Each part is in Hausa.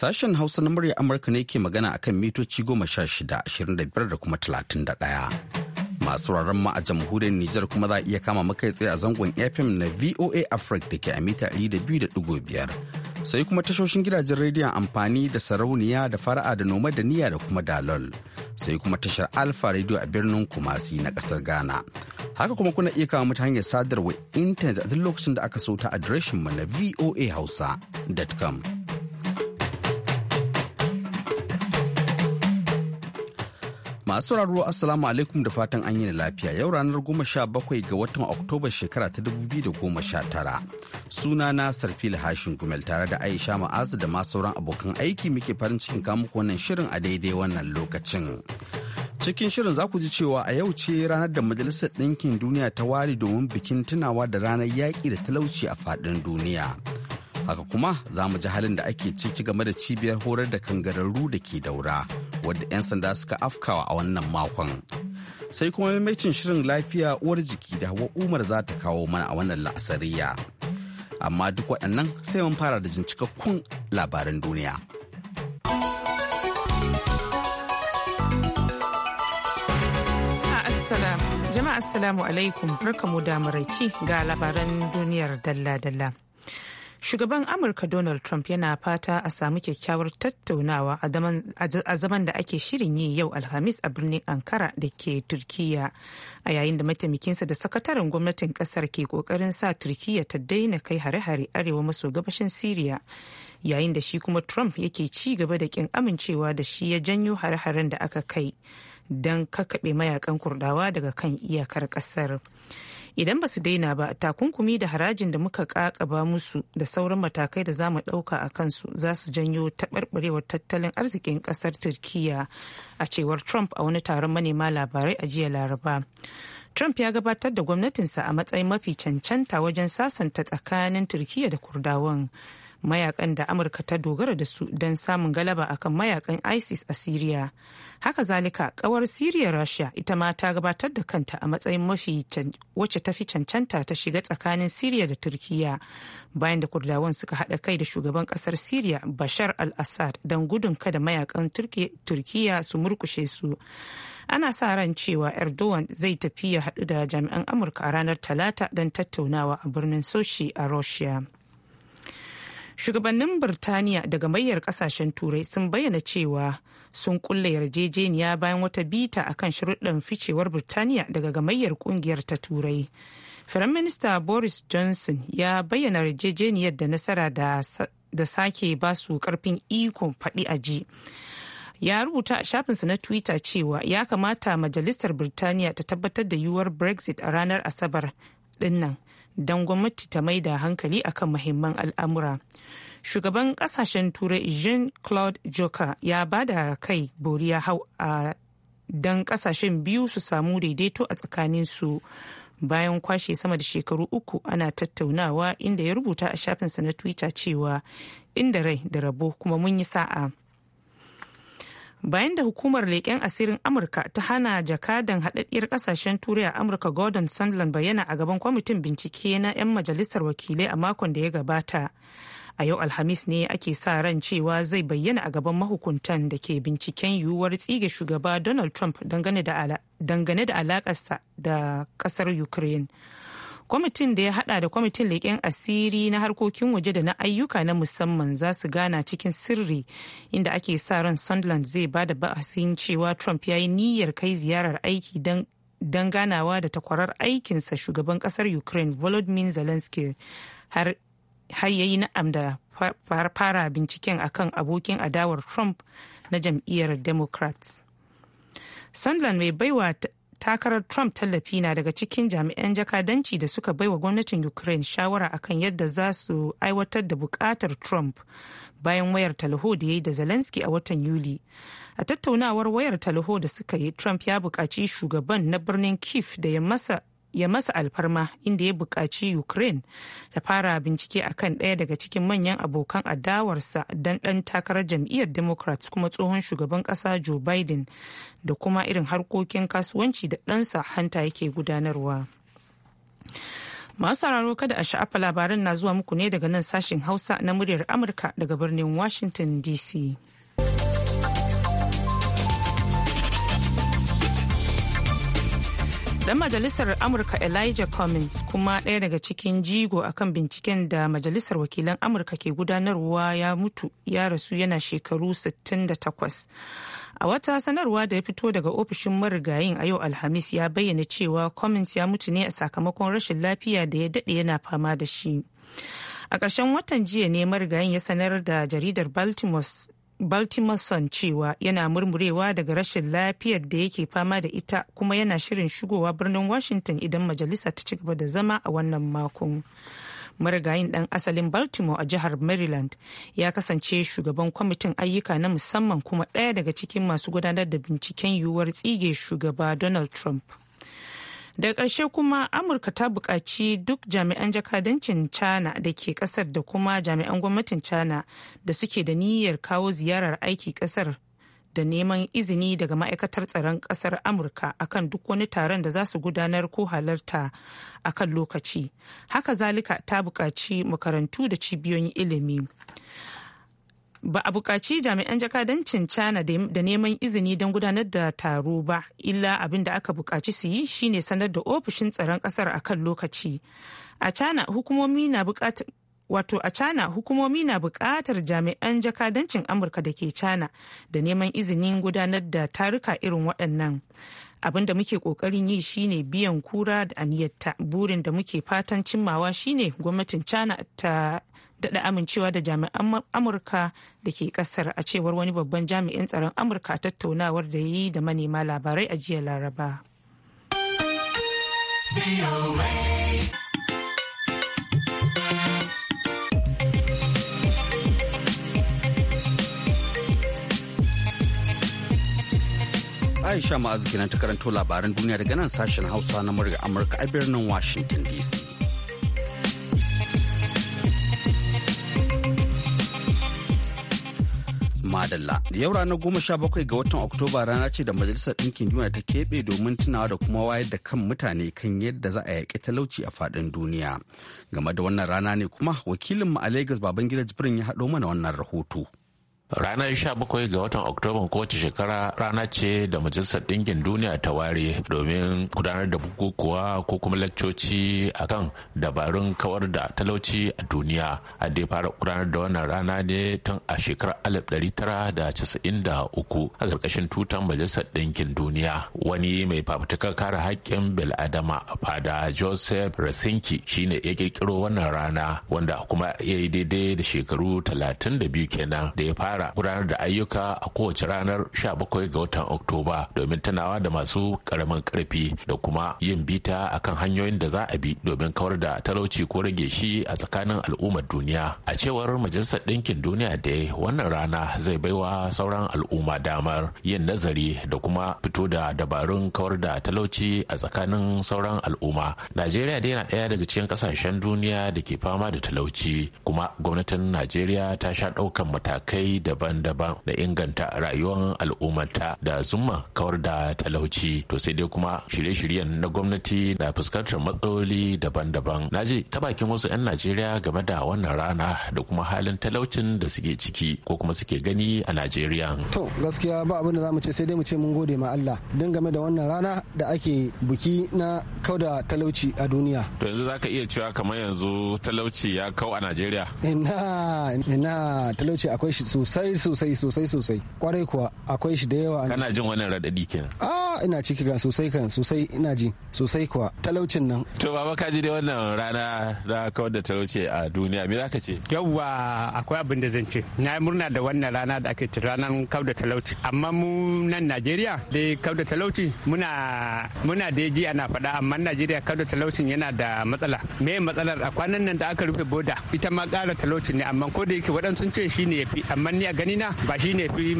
Sashen Hausa na murya Amurka ne ke magana akan mitoci goma sha shida, ashirin da biyar da kuma talatin da ɗaya. Masu wuraren ma a jamhuriyar Nijar kuma za a iya kama makai tsaye a zangon FM na VOA Africa da ke a mita ɗari da biyu da ɗigo biyar. Sai kuma tashoshin gidajen rediyon amfani da sarauniya da fara'a da noma da niyya da kuma dalol. Sai kuma tashar Alfa Radio a birnin Kumasi na ƙasar Ghana. Haka kuma kuna iya kama mutane hanyar sadarwa intanet a duk lokacin da aka sauta ta adireshinmu na voahausa.com. Masu raro Assalamu alaikum da fatan an yi da lafiya yau ranar goma sha bakwai ga watan Oktoba shekara ta dubu biyu da goma sha tara. Suna na Sarfil Hashin Gumel tare da Aisha Ma'azu da ma sauran abokan aiki muke farin cikin muku wannan shirin a daidai wannan lokacin. Cikin shirin za ku ji cewa a yau ce ranar da Majalisar Ɗinkin Duniya ta ware domin bikin tunawa da ranar yaƙi da talauci a faɗin duniya. Haka kuma za mu ji halin da ake ciki game da cibiyar horar da kangararru da ke daura. wadda 'yan sanda suka afkawa a wannan makon sai kuma maimacin shirin lafiya uwar jiki da hawa umar za ta kawo mana a wannan la'asariya amma duk waɗannan sai mun fara da jincikakkun labaran duniya jama'a assalamu alaikum barkamu da maraici ga labaran duniyar dalla-dalla shugaban amurka donald trump yana fata a samu kyakkyawar tattaunawa a zaman da ake shirin yi yau alhamis a birnin ankara da ke turkiya a yayin da mataimakinsa da sakataren gwamnatin kasar ke kokarin sa turkiya ta daina kai hare-hare arewa maso gabashin syria yayin da shi kuma trump yake ci gaba da kin amincewa da shi ya janyo hare-haren da aka kai don kakkaɓe mayakan kurdawa daga kan iyakar kasar. idan ba su daina ba takunkumi da harajin da muka kakaba musu da sauran matakai da za mu ɗauka a kansu za su janyo taɓarɓarewar tattalin arzikin ƙasar turkiya a cewar trump a wani taron manema labarai a jiya laraba trump ya gabatar da gwamnatinsa a matsayin mafi cancanta wajen sasanta tsakanin turkiya da kurdawan mayakan da amurka ta dogara da su don samun galaba akan mayakan isis a syria haka zalika kawar syria russia ita ma ta gabatar da kanta a matsayin mafi wacce fi cancanta ta shiga tsakanin syria da turkiya bayan da kurdawan suka haɗa kai da shugaban ƙasar syria bashar al-assad don gudun kada mayakan turkiya su murkushe su ana sa ran cewa erdogan zai tafi ya haɗu da jami'an amurka a ranar talata don tattaunawa a birnin soshi a russia shugabannin birtaniya daga mayar kasashen turai sun bayyana cewa sun kulle yarjejeniya bayan wata bita akan sharuɗan ficewar birtaniya daga gamayyar kungiyar ta turai firaminista boris johnson ya bayyana yarjejeniyar da nasara da sake ba su karfin ikon faɗi a ji. ya rubuta a shafinsa na twitter cewa ya kamata majalisar birtaniya ta tabbatar da yiwuwar brexit a ranar asabar dinnan don gwamnati ta mai da hankali akan muhimman al'amura shugaban kasashen turai jean claude joker ya ba da kai boriya hau a don kasashen biyu su samu daidaito a tsakaninsu bayan kwashe sama da shekaru uku ana tattaunawa inda ya rubuta a shafinsa na twitter cewa inda rai da rabo kuma mun yi sa'a bayan da hukumar leƙen asirin amurka ta hana jakadan haɗaɗɗiyar ƙasashen turai a amurka gordon sandland bayyana a gaban kwamitin bincike na 'yan majalisar wakilai a makon da ya gabata a yau alhamis ne ake sa ran cewa zai bayyana a gaban mahukuntan da ke binciken yiwuwar tsige shugaba donald trump dangane da alaƙarsa da ƙasar ukraine kwamitin da ya hada da kwamitin leƙen asiri na harkokin waje da na ayyuka na musamman za su gana cikin sirri inda ake sa ran sunderland zai ba da ba'asin cewa trump ya yi niyyar kai ziyarar aiki don don ganawa da takwarar aikinsa shugaban kasar ukraine volodymyr zelensky har yayi na'am da fara binciken akan abokin adawar trump na jam'iyyar democrats sunderland mai baiwa takarar Trump tallafi na daga cikin jami'an jakadanci da suka baiwa gwamnatin Ukraine shawara akan yadda za su aiwatar da bukatar Trump bayan wayar talho da ya yi da Zelensky a watan Yuli. A tattaunawar wayar talho da suka yi, Trump ya buƙaci shugaban na birnin Kiev da ya masa ya masa alfarma inda ya buƙaci ukraine ta fara bincike akan ɗaya daga cikin manyan abokan adawarsa don ɗan takarar jam'iyyar democrats kuma tsohon shugaban ƙasa joe biden da kuma irin harkokin kasuwanci da ɗansa hanta yake gudanarwa masu sauraro kada a sha'afa labaran na zuwa muku ne daga nan sashen hausa na muryar amurka daga birnin washington dc Dan majalisar Amurka Elijah Cummings kuma ɗaya daga cikin jigo akan binciken da majalisar wakilan Amurka ke gudanarwa ya mutu ya rasu yana shekaru 68. A wata sanarwa da ya fito daga ofishin marigayin a yau Alhamis ya bayyana cewa Cummings ya mutu ne a sakamakon rashin lafiya da ya daɗe yana fama da shi. A ƙarshen watan jiya ne marigayin ya sanar da jaridar Baltimore Baltimore Sun cewa yana murmurewa daga rashin lafiyar da yake fama da ita kuma yana shirin shigowa birnin washington idan majalisa ta ci gaba da zama a wannan makon marigayin dan asalin baltimore a jihar maryland ya kasance shugaban kwamitin ayyuka na musamman kuma ɗaya daga cikin masu gudanar da binciken yiwuwar tsige shugaba donald trump da ƙarshe kuma amurka ta buƙaci duk jami'an jakadancin china da ke ƙasar da kuma jami'an gwamnatin china da suke da niyyar kawo ziyarar aiki ƙasar da neman izini daga ma'aikatar tsaron ƙasar amurka akan duk wani taron da za su gudanar ko halarta akan lokaci haka zalika ta buƙaci makarantu da cibiyoyin ilimi ba a buƙaci jami'an jakadancin china da neman izini don gudanar da taro ba illa abin da aka buƙaci su yi shine sanar da ofishin tsaron ƙasar a kan lokaci a china hukumomi na buƙatar wato a china hukumomi na buƙatar jami'an jakadancin amurka da ke china da neman izinin gudanar da taruka irin waɗannan abin da muke ƙoƙarin yi shine biyan kura da aniyarta burin da muke fatan cimmawa shine gwamnatin china ta daɗa amincewa da jami'an amurka da ke ƙasar a cewar wani babban jami'in tsaron amurka a tattaunawar da ya yi da manema labarai a jiya laraba Aisha ma'azikinan kenan ta karanto labaran duniya daga nan sashen Hausa na murya Amurka a birnin Washington DC. Madalla. Yau ranar goma sha bakwai ga watan Oktoba rana ce da Majalisar Ɗinkin Duniya ta keɓe domin tunawa da kuma wayar da kan mutane kan yadda za a yaƙi talauci a faɗin duniya. Game da wannan rana ne kuma wakilinmu a Lagos Babangida Jibrin ya haɗo mana wannan rahoto. Ranar 17 ga watan ko kowace shekara rana ce da Majalisar Ɗinkin Duniya ta ware domin gudanar da bukukuwa ko kuma lakcoci akan dabarun kawar da talauci a duniya. A dai fara gudanar da wannan rana ne tun a shekarar 1993 a karkashin tutan Majalisar Ɗinkin Duniya. Wani mai fafutukar kare haƙƙin bil'adama a fada Joseph Rasinki shine ya ƙirƙiro wannan rana wanda kuma ya yi daidai da shekaru 32 kenan da ya fara fara gudanar da ayyuka a kowace ranar 17 ga watan oktoba domin tunawa da masu karamin karfi da kuma yin bita a kan hanyoyin da za a bi domin kawar da talauci ko rage shi a tsakanin al'ummar duniya a cewar majalisar ɗinkin duniya da wannan rana zai baiwa sauran al'umma damar yin nazari da kuma fito da dabarun kawar da talauci a tsakanin sauran al'umma najeriya dai na ɗaya daga cikin ƙasashen duniya da ke fama da talauci kuma gwamnatin najeriya ta sha ɗaukan matakai daban-daban na inganta rayuwar al'ummata da zuma kawar da talauci to sai dai kuma shirye-shiryen na gwamnati na fuskantar matsaloli daban-daban na je ta bakin wasu 'yan najeriya game da wannan rana da kuma halin talaucin da suke ciki ko kuma suke gani a najeriya to gaskiya ba abin da zamu ce sai dai mu ce mun gode ma Allah don game da wannan rana da ake buki na kauda talauci a duniya to yanzu zaka iya cewa kamar yanzu talauci ya kau a najeriya ina ina talauci akwai shi sosai sosai sosai sosai sosai kwarai kuwa akwai shi da yawa kana jin wannan raɗaɗi kenan ah, a ina ciki ga sosai kan sosai ina ji sosai kuwa talaucin nan to baba ka ji dai wannan rana da kawar da talauci a duniya me zaka ce yawwa akwai abin da zan ce na yi murna da wannan rana da ake ce ranar kawar da talauci amma mu nan Najeriya da kawar da talauci muna muna da ji ana faɗa amma Najeriya kawar da talaucin yana da matsala me matsalar a kwanan nan da aka rufe boda ita ma ƙara talauci ne amma ko da yake waɗansu sun ce shi ne yafi amma ni a gani na ba shi ne fi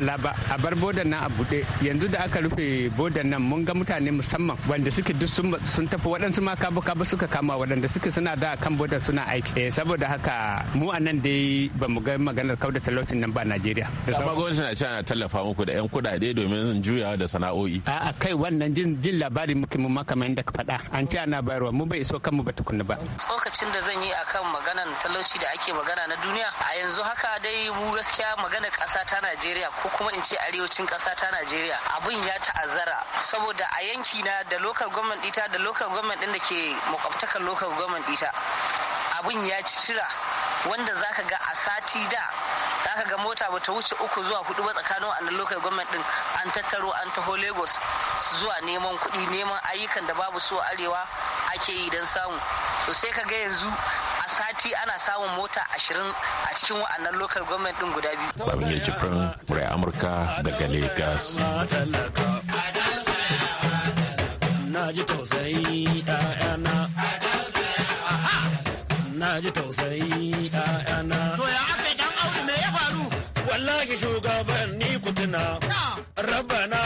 ala ba a bar bodan nan a buɗe yanzu da aka rufe rufe bodan nan mun ga mutane musamman wanda suke duk sun tafi waɗansu ma kabu kabu suka kama waɗanda suke suna da kan bodan suna aiki eh, saboda haka mu a nan dai ba mu ga maganar kauda talaucin nan ba a Najeriya. Amma gwamnati na cewa na tallafa muku da 'yan kuɗaɗe domin juyawa da sana'o'i. A'a kai wannan jin jin labari muke mu kamar yadda ka faɗa an ce ana bayarwa mu bai iso kanmu ba tukunna ba. Tsokacin da zan yi akan maganar talauci da ake magana na duniya a yanzu haka dai mu gaskiya maganar ƙasa ta Najeriya ko kuma in ce arewacin ƙasa ta Najeriya abin ya ta'azzara saboda a yanki na da local government ɗita da local government ɗin da ke makwabtakar local government ɗita abin ya ci cira wanda zaka ga a sati da zaka ga mota bata wuce uku zuwa hudu ba tsakanin wannan local government din an tattaro an taho lagos zuwa neman kuɗi neman ayyukan da babu so arewa ake yi don samu to sai ka ga yanzu a sati ana samun mota ashirin a cikin wa'annan local government din guda biyu. Babin Yajibirin Murai Amurka daga Lagos. na ji tausayi ɗayana. Na ji tausayi ɗayana. To ya aka yi auri me ya faru? Wallahi shugaban ni kutuna. na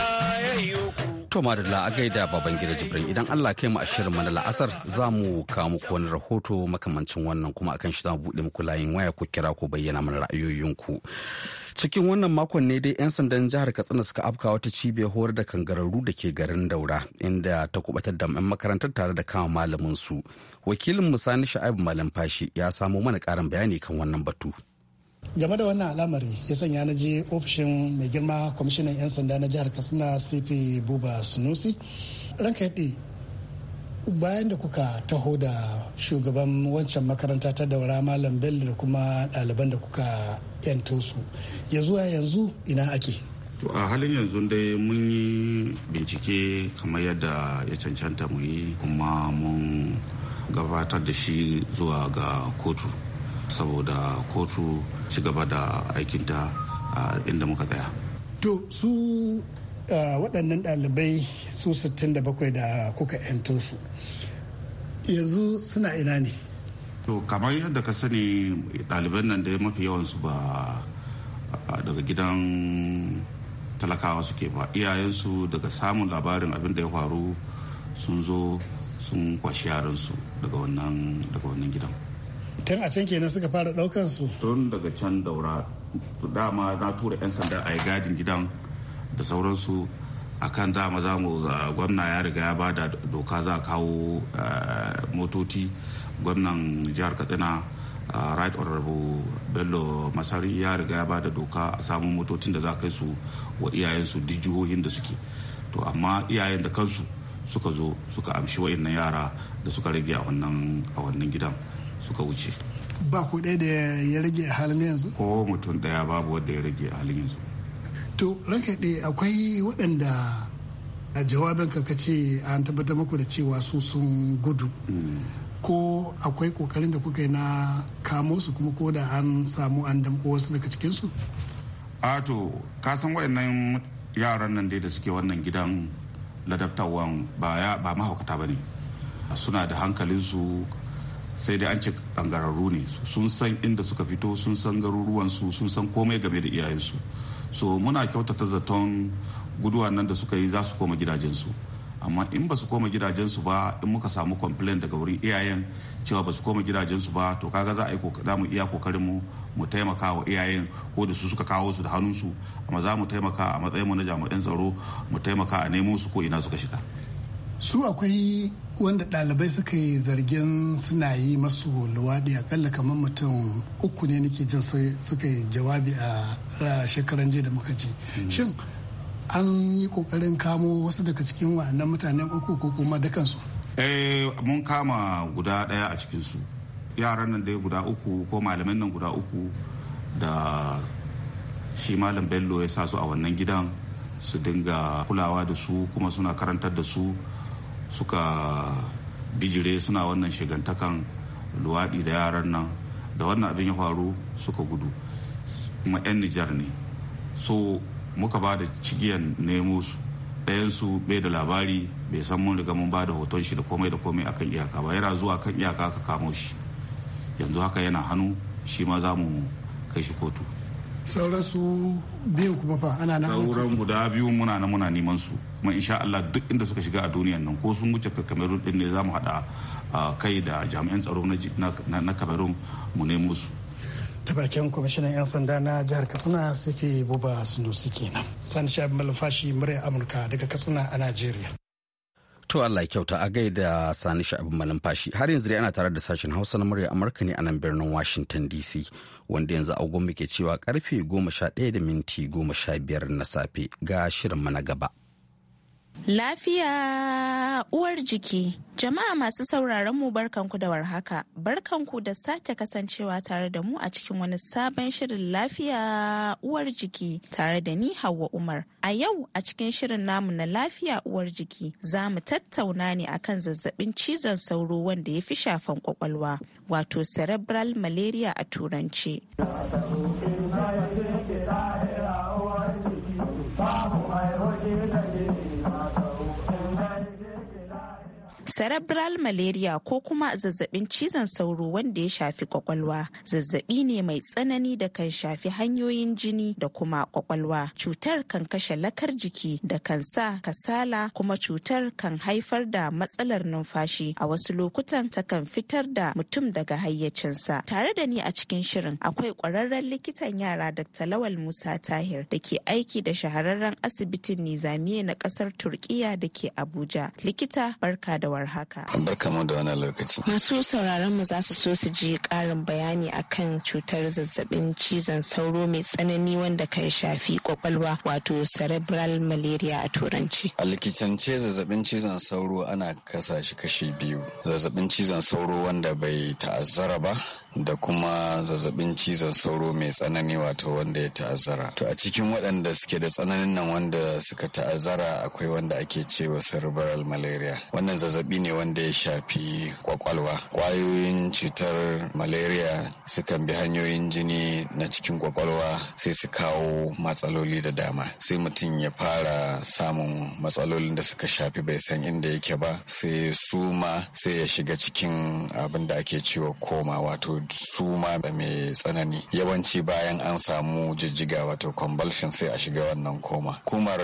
ya yi ku. To madalla a gaida baban gida jibrin idan Allah kai mu ashirin mana la'asar za mu kawo muku wani rahoto makamancin wannan kuma akan shi za mu buɗe muku layin waya ko kira ko bayyana mana ra'ayoyinku. cikin wannan makon ne dai 'yan sandan jihar katsina suka afka wata cibiyar horar da kangararru da ke garin daura inda ta kubatar da 'yan makarantar tare da kama malamin su wakilin musani sha'ib malam fashi ya samo mana karin bayani kan wannan batu game da wannan al'amari ya sanya na je ofishin mai girma kwamishinan 'yan sanda na jihar katsina cp buba sunusi ranka bayan da kuka taho da shugaban wancan makaranta ta daura malam bello da kuma ɗaliban da kuka yanto su ya zuwa yanzu ina ake to a halin yanzu dai mun yi bincike kamar yadda ya cancanta mu yi kuma mun gabatar da shi zuwa ga kotu saboda kotu ci gaba da aikinta inda muka tsaya to su Eh, waɗannan ɗalibai su 67 da kuka 'yanto su yanzu suna ina ne to kamar yadda ka sani ɗaliban nan da mafi yawansu ba daga gidan talakawa suke ba iyayensu daga samun labarin abin da ya faru sun zo sun kwashi yaransu daga wannan gidan tun a can kenan suka fara su. tun daga can daura dama na tura 'yan sanda a gadin gidan da sauransu akan dama za mu gwamna ya riga ya bada doka za a kawo motoci gwamnan jihar katsina right honorable bello masari ya riga ya bada doka a samun motocin da za kai su wa iyayensu dijihohin da suke to amma iyayen da kansu suka zo suka amshi wa'annan yara da suka rage a wannan gidan suka wuce ba ku ɗaya da ya rage halin yanzu ko mutum ɗaya babu wanda ya rage halin yanzu to rankaɗe akwai waɗanda a jawabin ka ce an tabbatar muku da cewa su sun gudu ko akwai kokarin da kuka yi na kamo su kuma ko da an samu an damko wasu daga cikinsu? a to kasan waɗannan yaran nan dai da suke wannan gidan ladabtawan ba mahaukata ba ne suna da hankalinsu sai dai an ce ɗangararru ne sun san inda suka fito sun san garuruwansu sun san komai game da iyayensu so muna kyautata zaton guduwa nan da suka yi za su koma gidajensu amma in ba su koma gidajensu ba in muka samu complaint daga wurin iyayen cewa ba su koma gidajensu ba to kaga za a yi mu iya kokarin mu mu taimaka wa iyayen ko da su suka kawo su da hannunsu amma za mu taimaka a matsayin mu na jami'an tsaro mu taimaka a nemo su ko ina suka shiga su akwai wanda ɗalibai suka yi zargin suna yi masu luwaɗi akalla kamar mutum uku ne nake jin suka yi jawabi a shekaran jiya da muka ji. shin an yi kokarin kamo wasu daga cikin wa'annan mutanen uku ko kuma da kansu eh mun kama guda daya a cikin su yaran nan dai guda uku ko malamin nan guda uku da shi malam bello ya sa su a wannan gidan su dinga kulawa da su kuma suna karantar da su suka bijire suna wannan shigantakan luwaɗi da yaran nan da wannan abin ya faru suka gudu kuma 'yan nijar ne so muka ba da cigiyan nemo su ɗayansu bai da labari bai san mun riga mun ba da hoton shi da komai da komai akan iyaka ba yana zuwa kan iyaka ka kamo shi yanzu haka yana hannu shi ma za mu kai shi kotu sauran biyu kuma fa ana nan sauran guda biyu muna nan muna neman su kuma insha Allah duk inda suka shiga a duniyan nan ko sun wuce Cameroon din ne za mu hada ah, kai da jami'an tsaro na Cameroon mu nemo su ta bakin kwamishinan 'yan sanda na jihar katsina sefe buba sunusi kenan sani shabi malumfashi murya amurka daga katsina a najeriya to allah kyauta a gai da sani malin fashi har yanzu dai ana tare da sashen hausa na murya amurka ne a nan birnin washington dc wanda yanzu agogo muke cewa karfe goma sha ɗaya da minti goma sha biyar na safe ga shirin mana gaba Lafiya uwar jiki. Jama'a masu sauraron mu barkanku da warhaka. Barkanku da sake kasancewa tare da mu a cikin wani sabon shirin lafiya uwar jiki tare da ni Hauwa Umar. A yau a cikin shirin namu na lafiya uwar jiki za mu tattauna ne akan zazzabin cizon sauro wanda ya fi shafan kwakwalwa wato cerebral malaria a turanci. cerebral malaria ko kuma zazzabin cizon sauro wanda ya shafi kwakwalwa zazzabi ne mai tsanani da kan shafi hanyoyin jini da kuma kwakwalwa cutar kan kashe lakar jiki da kan sa kasala kuma cutar kan haifar da matsalar numfashi a wasu lokutan ta kan fitar da mutum daga hayyacinsa tare da ni a cikin shirin akwai kwararren likitan yara dr lawal musa tahir da ke aiki da shahararren asibitin nizamiya na kasar turkiya da ke abuja likita barka da kamar haka. Barka kama da wani lokaci. Masu sauraron mu za su so su ji ƙarin bayani akan cutar zazzabin cizon sauro mai tsanani wanda kan shafi kwakwalwa wato cerebral malaria a turanci. A likitance zazzabin cizon sauro ana kasa shi kashi biyu. Zazzabin cizon sauro wanda bai ta'azzara ba da kuma zazzabin cizon sauro mai tsanani wato wanda ya ta'azzara to a cikin waɗanda suke da tsananin nan wanda suka ta'azzara akwai wanda ake cewa cerebral malaria wannan zazzabi ne wanda ya shafi kwakwalwa Ƙwayoyin cutar malaria sukan bi hanyoyin jini na cikin kwakwalwa sai su kawo matsaloli da dama sai mutum ya fara samun matsalolin da suka shafi bai san inda yake ba sai suma sai ya shiga cikin abin da ake cewa koma wato suma mai tsanani yawanci bayan an samu jijjiga wato convulsion sai a shiga wannan koma kumar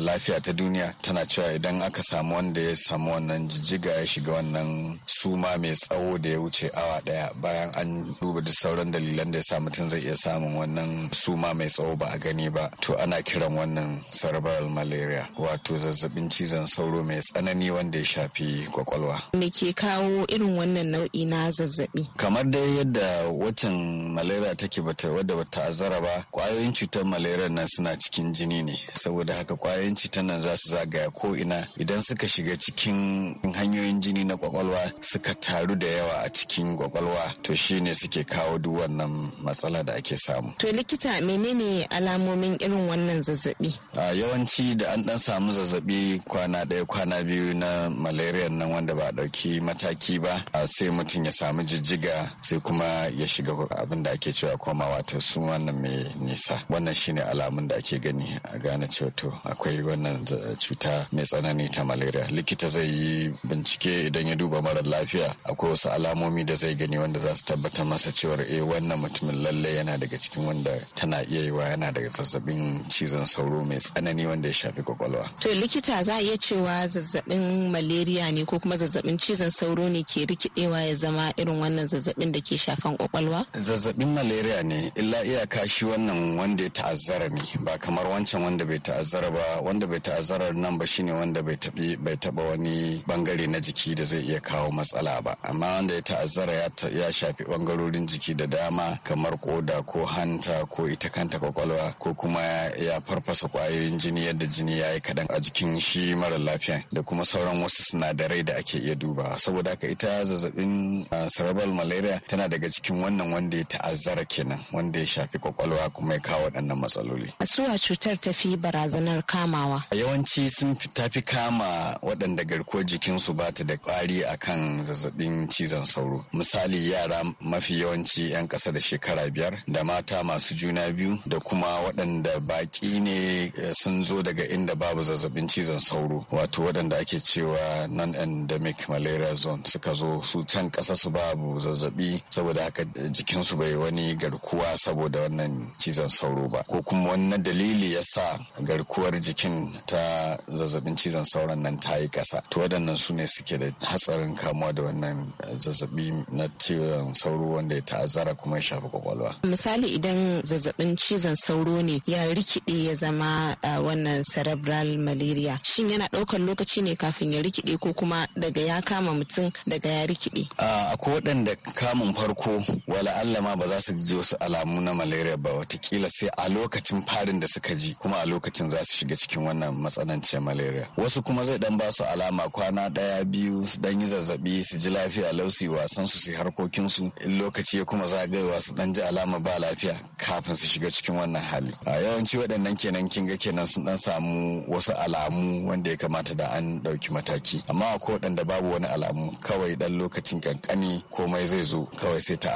lafiya ta duniya tana cewa idan aka samu wanda ya samu wannan jijjiga ya shiga wannan suma mai tsawo da ya wuce awa daya bayan an duba da sauran dalilan da ya sa mutum zai iya samun wannan suma mai tsawo ba a gani ba to ana kiran wannan cerebral malaria wato zazzabin cizon sauro mai tsanani wanda ya shafi kwakwalwa me ke kawo irin wannan nau'i na zazzabi kamar dai dai yadda wacan malaria take bata wadda bata azara ba kwayoyin cutar malaria nan suna cikin jini ne saboda haka kwayoyin cutar nan za su zagaya ko ina idan suka shiga cikin hanyoyin jini na kwakwalwa suka taru da yawa a cikin kwakwalwa to shine suke kawo duk wannan matsala da ake samu to likita menene alamomin irin wannan zazzabi a yawanci da an dan samu zazzabi kwana daya, kwana biyu na malaria nan wanda ba a ɗauki mataki ba sai mutum ya samu jijjiga sai sai kuma ya shiga abin da ake cewa komawa ta sun wannan mai nisa wannan shine alamun da ake gani a gane cewa to akwai wannan cuta mai tsanani ta malaria likita zai yi bincike idan ya duba mara lafiya akwai wasu alamomi da zai gani wanda za su tabbatar masa cewar eh wannan mutumin lallai yana daga cikin wanda tana iya yiwa yana daga zazzabin cizon sauro mai tsanani wanda ya shafi kwakwalwa to likita za a iya cewa zazzabin malaria ne ko kuma zazzabin cizon sauro ne ke rikidewa ya zama irin wannan zazzabin da Ke shafan kwakwalwa? Zazzabin malaria ne, illa iyaka shi wannan wanda ya ta'azzara ne, ba kamar wancan wanda bai ta'azzara ba, wanda bai ta'azzara nan ba shine wanda bai tabi bai taɓa wani bangare na jiki da zai iya kawo matsala ba. Amma wanda ya ta'azzara ya shafi bangarorin jiki da dama kamar koda ko hanta ko ita kanta kwakwalwa ko kuma ya farfasa kwayoyin jini yadda jini ya yi kaɗan a jikin shi mara lafiya da kuma sauran wasu sinadarai da ake iya duba Saboda haka ita zazzabin ah, cerebral malaria ta tana daga cikin wannan wanda ya ta'azzara kenan wanda ya shafi kwakwalwa kuma ya kawo waɗannan matsaloli. Suwa cutar ta fi barazanar kamawa. a Yawanci sun ta fi kama waɗanda garkuwar jikinsu ba ta da ƙwari a kan zazzabin cizon sauro. Misali yara mafi yawanci 'yan ƙasa da shekara biyar da mata masu juna biyu da kuma waɗanda baƙi ne eh, sun zo daga inda babu zazzabin cizon sauro wato waɗanda ake cewa non-endemic malaria zone suka zo su can ƙasa su babu zazzabi saboda haka jikinsu bai wani garkuwa saboda wannan cizon sauro ba ko kuma wannan dalili ya sa garkuwar jikin ta zazzabin cizon sauron nan ta yi ƙasa to waɗannan su ne suke da hatsarin kamuwa da wannan zazzabi na cizon sauro wanda ya ta'azzara kuma ya shafi kwakwalwa misali idan zazzabin cizon sauro ne ya rikide ya zama wannan cerebral malaria shin yana ɗaukar lokaci ne kafin ya rikide ko kuma daga ya kama mutum daga ya rikide akwai waɗanda kamun farko wala Allah ma ba za su ji wasu alamu na malaria ba watakila sai a lokacin farin da suka ji kuma a lokacin za su shiga cikin wannan matsananciyar malaria wasu kuma zai dan ba su alama kwana daya biyu su dan yi zazzabi su ji lafiya lausi wasan su su harkokin su in lokaci ya kuma zagayewa su dan ji alama ba lafiya kafin su shiga cikin wannan hali a yawanci waɗannan kenan kin ga kenan sun dan samu wasu alamu wanda ya kamata da an ɗauki mataki amma akwai waɗanda babu wani alamu kawai dan lokacin kankani komai zai zo kawai sai ta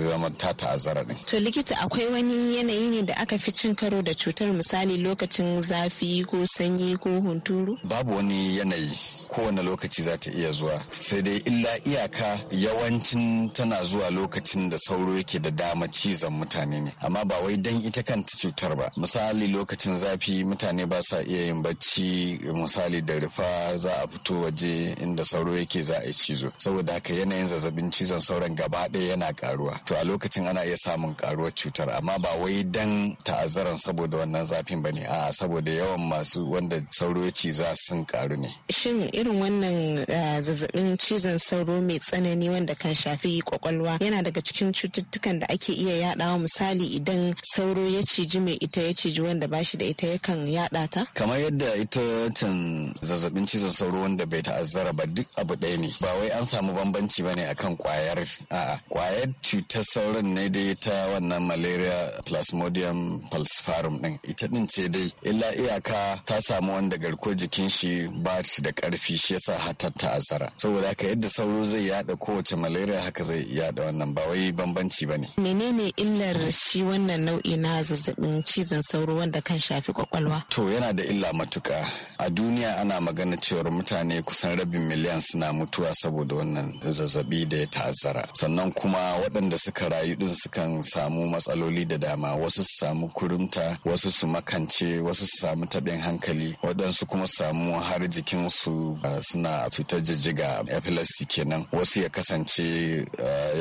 zama ta ta'azzara din. To likita akwai wani yanayi ne da aka fi cin karo da cutar misali lokacin zafi ko sanyi ko hunturu? Babu wani yanayi kowane lokaci za ta iya zuwa sai dai illa iyaka yawancin tana zuwa lokacin da sauro yake da dama cizon mutane ne amma ba wai dan ita kanta cutar ba misali lokacin zafi mutane ba sa iya yin bacci misali da rufa za a fito waje inda sauro yake za a yi cizo saboda haka yanayin zazzabin cizon sauran gaba ɗaya yana karuwa to a lokacin ana iya samun karuwar cutar amma ba wai dan ta'azzaran saboda wannan zafin bane a saboda yawan masu wanda sauro ciza sun karu ne shin irin wannan eh, zazzabin cizon sauro mai tsanani wanda kan shafi kwakwalwa yana daga cikin cututtukan da ake iya yadawa misali idan sauro ya ciji mai ita ya ciji wanda bashi da ita yakan yada ta kamar yadda ita can zazzabin cizon sauro wanda bai ta'azzara ba duk abu ɗaya ne ba wai an samu bambanci bane akan kwayar aa kwayar cutar sauran ne dai ta wannan malaria plasmodium falciparum din ita din ce dai illa iyaka ta samu wanda garko jikin shi ba shi da karfi shi yasa hatar ta azara saboda haka yadda sauro zai yada kowace malaria haka zai yada wannan ba wai bambanci bane menene illar shi wannan nau'i na zazzabin cizon sauro wanda kan shafi kwakwalwa to yana da illa matuka a duniya ana magana cewar mutane kusan rabin miliyan suna mutuwa saboda wannan zazzabi da ya ta'azzara sannan sannan kuma waɗanda suka rayu ɗin sukan samu matsaloli da dama wasu su samu kurumta wasu su makance wasu su samu taɓin hankali waɗansu kuma su samu har su suna cutar jijjiga epilepsy kenan wasu ya kasance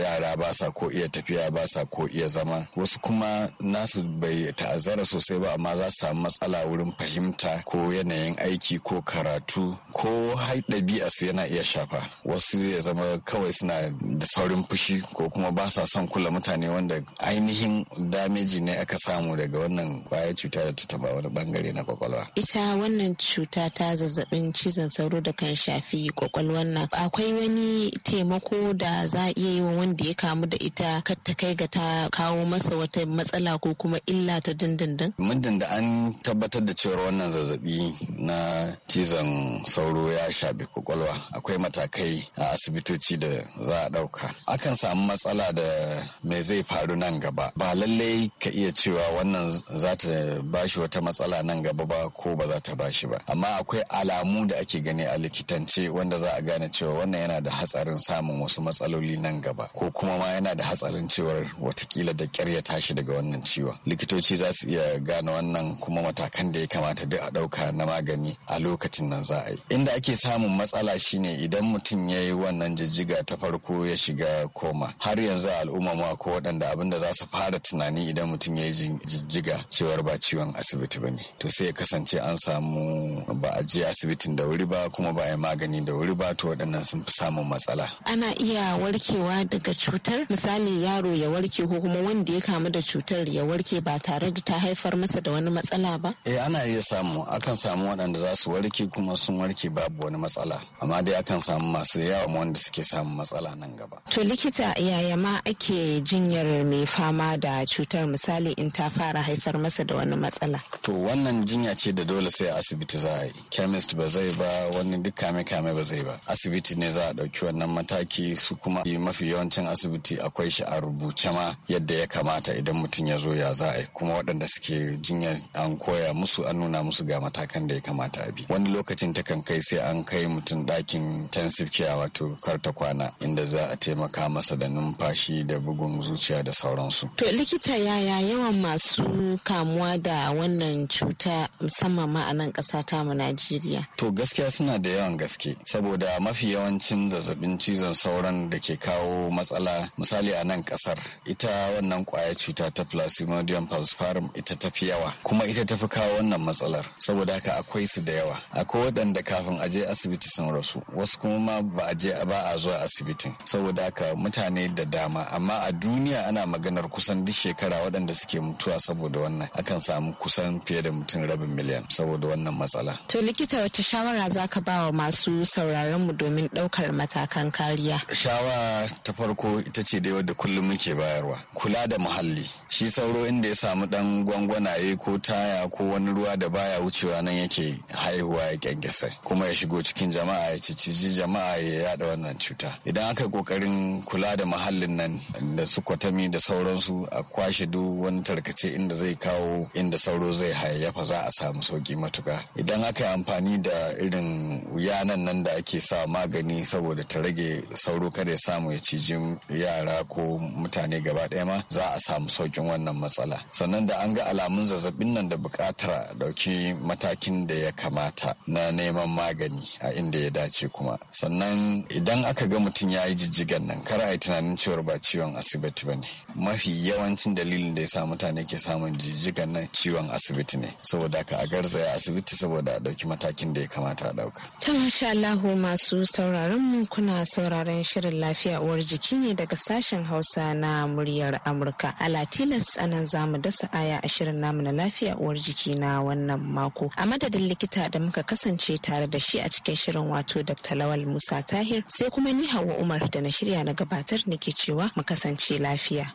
yara ba sa ko iya tafiya ba sa ko iya zama wasu kuma nasu bai ta'azzara sosai ba amma za su samu matsala wurin fahimta ko yanayin aiki ko karatu ko har ɗabi'a su yana iya shafa wasu ya zama kawai suna da saurin fushi lokaci ko kuma ba sa son kula mutane wanda ainihin dameji ne aka samu daga wannan kwaya cuta da ta taba wani bangare na kwakwalwa. Ita wannan cuta ta zazzabin cizon sauro da kan shafi kwakwalwan na. akwai wani taimako da za a iya yi wa wanda ya kamu da ita kar ta kai ga ta kawo masa wata matsala ko kuma illa ta dindindin. Muddin da an tabbatar da cewar wannan zazzabi na cizon sauro ya shafi kwakwalwa akwai matakai a asibitoci da za a ɗauka. Akan samu matsala da me zai faru nan gaba ba lallai ka iya cewa wannan za ta bashi wata matsala nan gaba ba ko ba za ta bashi ba amma akwai alamu da ake gani a likitance wanda za a gane cewa wannan yana da hatsarin samun wasu matsaloli nan gaba ko kuma ma yana da hatsarin cewar watakila da kyar ya tashi daga wannan ciwon likitoci za su iya gane wannan kuma matakan da ya kamata duk a ɗauka na magani a lokacin nan za a yi inda ake samun matsala shine idan mutum ya yi wannan jijjiga ta farko ya shiga ko al'umma har yanzu al'umma ma ko waɗanda abin da za su fara tunani idan mutum ya yi jijjiga cewar ba ciwon asibiti ba ne to sai ya kasance an samu ba a je asibitin da wuri ba kuma ba a yi magani da wuri ba to waɗannan sun fi samun matsala ana iya warkewa daga cutar misali yaro ya warke ko kuma wanda ya kamu da cutar ya warke ba tare da ta haifar masa da wani matsala ba eh ana iya samu akan samu waɗanda za su warke kuma sun warke babu wani matsala amma dai akan samu masu yawa wanda suke samun matsala nan gaba to likita likita yaya ma ake jinyar mai fama da cutar misali in ta fara haifar masa da wani matsala to wannan jinya ce da dole sai asibiti za a yi chemist ba zai ba wani duk kame kame ba zai ba asibiti ne za a ɗauki wannan mataki su kuma mafi yawancin asibiti akwai shi a rubuce ma yadda ya kamata idan mutum ya zo ya za a yi kuma waɗanda suke jinya an koya musu an nuna musu ga matakan da ya kamata a bi wani lokacin takan kai sai an kai mutum ɗakin intensive care wato karta kwana inda za a taimaka masa kansa da numfashi da bugun zuciya da sauransu. To likita yaya yawan masu kamuwa da wannan cuta musamman ma a nan ƙasa ta mu Najeriya? To gaskiya suna da yawan gaske saboda mafi yawancin zazzabin cizon sauran da ke kawo matsala misali a nan ƙasar ita wannan ƙwaya cuta ta Plasmodium falciparum ita tafi yawa kuma ita tafi kawo wannan matsalar saboda haka akwai su da yawa akwai waɗanda kafin a je asibiti sun rasu wasu kuma ma ba a je ba a zuwa asibitin saboda haka mutane da dama amma a duniya ana maganar kusan duk shekara waɗanda suke mutuwa saboda wannan akan samu kusan fiye da mutum rabin miliyan saboda wannan matsala. To likita wata shawara za ka ba wa masu sauraron mu domin ɗaukar matakan kariya? Shawara ta farko ita ce da wadda kullum muke bayarwa. Kula da muhalli. Shi sauro inda ya samu ɗan gwangwanaye ko taya ko wani ruwa da baya wucewa nan yake haihuwa ya kyankyasa kuma ya shigo cikin jama'a ya cici jama'a ya yada wannan cuta. Idan aka yi kokarin kula kula da muhallin nan da su kwatami da sauransu a kwashe duk wani tarkace inda zai kawo inda sauro zai hayayyafa za a samu sauki matuka idan aka yi amfani da irin yanan nan da ake sa magani saboda ta rage sauro kada ya samu ya ciji yara ko mutane gaba ɗaya ma za a samu saukin wannan matsala sannan da an ga alamun zazzabin nan da buƙatar ɗauki matakin da ya kamata na neman magani a inda ya dace kuma sannan idan aka ga mutum ya yi jijjigan nan kar a yi tunanin cewar ba ciwon asibiti ba ne mafi yawancin dalilin da ya sa mutane ke samun jijjigan nan ciwon asibiti ne saboda haka a garzaya asibiti saboda a ɗauki matakin da ya kamata a ɗauka. ta masha Allahu masu sauraron mu kuna sauraron shirin lafiya uwar jiki ne daga sashen hausa na muryar amurka ala tilas za mu dasa aya a shirin namu na lafiya uwar jiki na wannan mako a madadin likita da muka kasance tare da shi a cikin shirin wato dr lawal musa tahir sai kuma ni hawa umar da na shirya na gabata gabatar nake cewa mu kasance lafiya.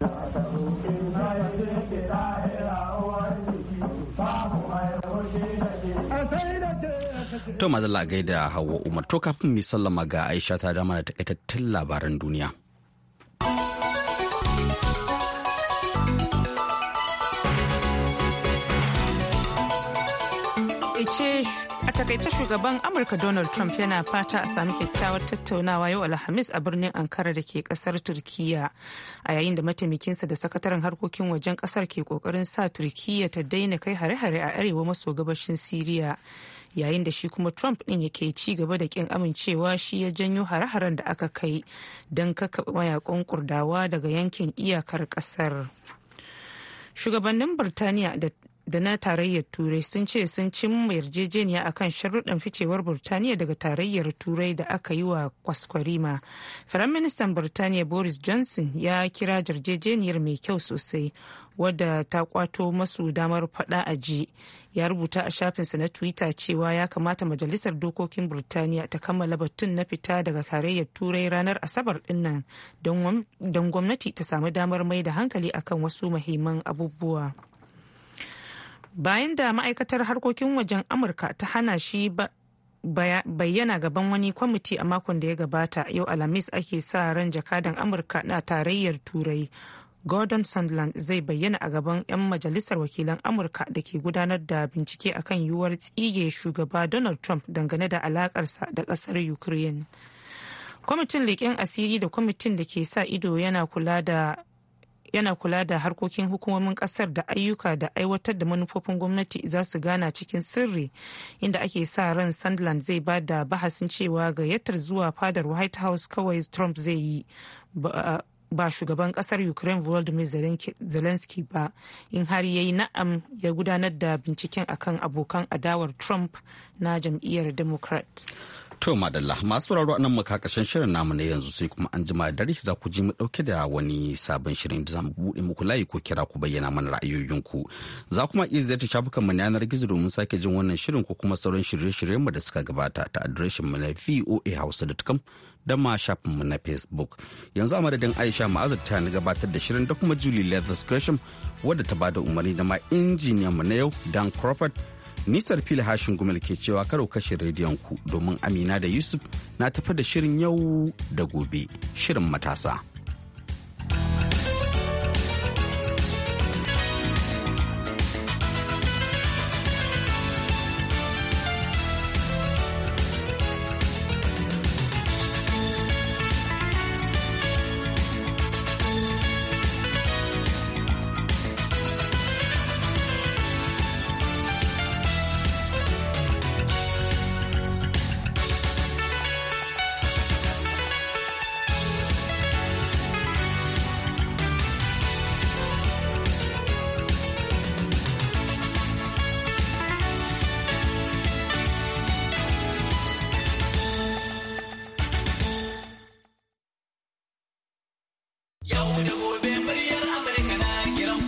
To mazalla gaida Hauwa Umar to kafin mu sallama ga Aisha ta dama da takaitattun labaran duniya. a takaice shugaban Amurka Donald Trump yana fata a sami kyakkyawar tattaunawa yau Alhamis a birnin Ankara da ke kasar Turkiyya a yayin da mataimakinsa da sakataren harkokin wajen kasar ke kokarin sa Turkiyya ta daina kai hare-hare a arewa maso gabashin Siriya. yayin da shi kuma Trump din yake ci gaba da kin amincewa shi ya janyo hare-haren da aka kai don kaka kurdawa daga yankin iyakar kasar. Shugabannin Birtaniya da da na tarayyar turai sun ce sun cimma yarjejeniya akan sharuɗan ficewar burtaniya daga tarayyar turai da aka yi wa kwaskwarima firaministan burtaniya boris johnson ya kira jarjejeniyar mai kyau sosai wadda ta kwato masu damar fada a ji ya rubuta a shafinsa na twitter cewa ya kamata majalisar dokokin burtaniya ta kammala batun na fita daga tarayyar turai ranar asabar dinnan don gwamnati ta samu damar mai da hankali akan wasu mahimman abubuwa bayan da ma'aikatar harkokin wajen amurka ta hana shi bayyana gaban wani kwamiti a makon da ya gabata yau alhamis ake sa ran jakadan amurka na tarayyar turai gordon sandland zai bayyana a gaban 'yan majalisar wakilan amurka da ke gudanar da bincike akan yiwuwar tsige shugaba donald trump dangane da alakarsa da kasar ukraine kwamitin leƙen asiri da kwamitin da ke sa ido yana kula da yana kula da harkokin hukumomin kasar da ayyuka da aiwatar da manufofin gwamnati za su gana cikin sirri inda ake sa ran sandland zai ba da bahasin cewa gayyatar zuwa fadar white house kawai trump zai yi ba shugaban kasar ukraine volodymyr zelensky ba in har ya yi na'am ya gudanar da binciken akan abokan adawar trump na jam'iyyar democrat To madalla masu sauraro nan makakashin shirin namu na yanzu sai kuma an jima dare za ku ji mu dauke da wani sabon shirin da zamu mu buɗe muku layi ko kira ku bayyana mana ra'ayoyinku. Za kuma iya ziyarta shafukan mu na yanar gizo domin sake jin wannan shirin ko kuma sauran shirye-shiryen mu da suka gabata ta adireshin mu na voahausa.com da ma shafin mu na Facebook. Yanzu a madadin Aisha Ma'azar ta na gabatar da shirin da kuma Julie Leather Scratch wadda ta bada umarni da ma injiniyan mu na yau Dan Crawford Nisar fili hashin gumel ke cewa karo kashe rediyon ku domin Amina da Yusuf na tafi da shirin yau da gobe, shirin matasa.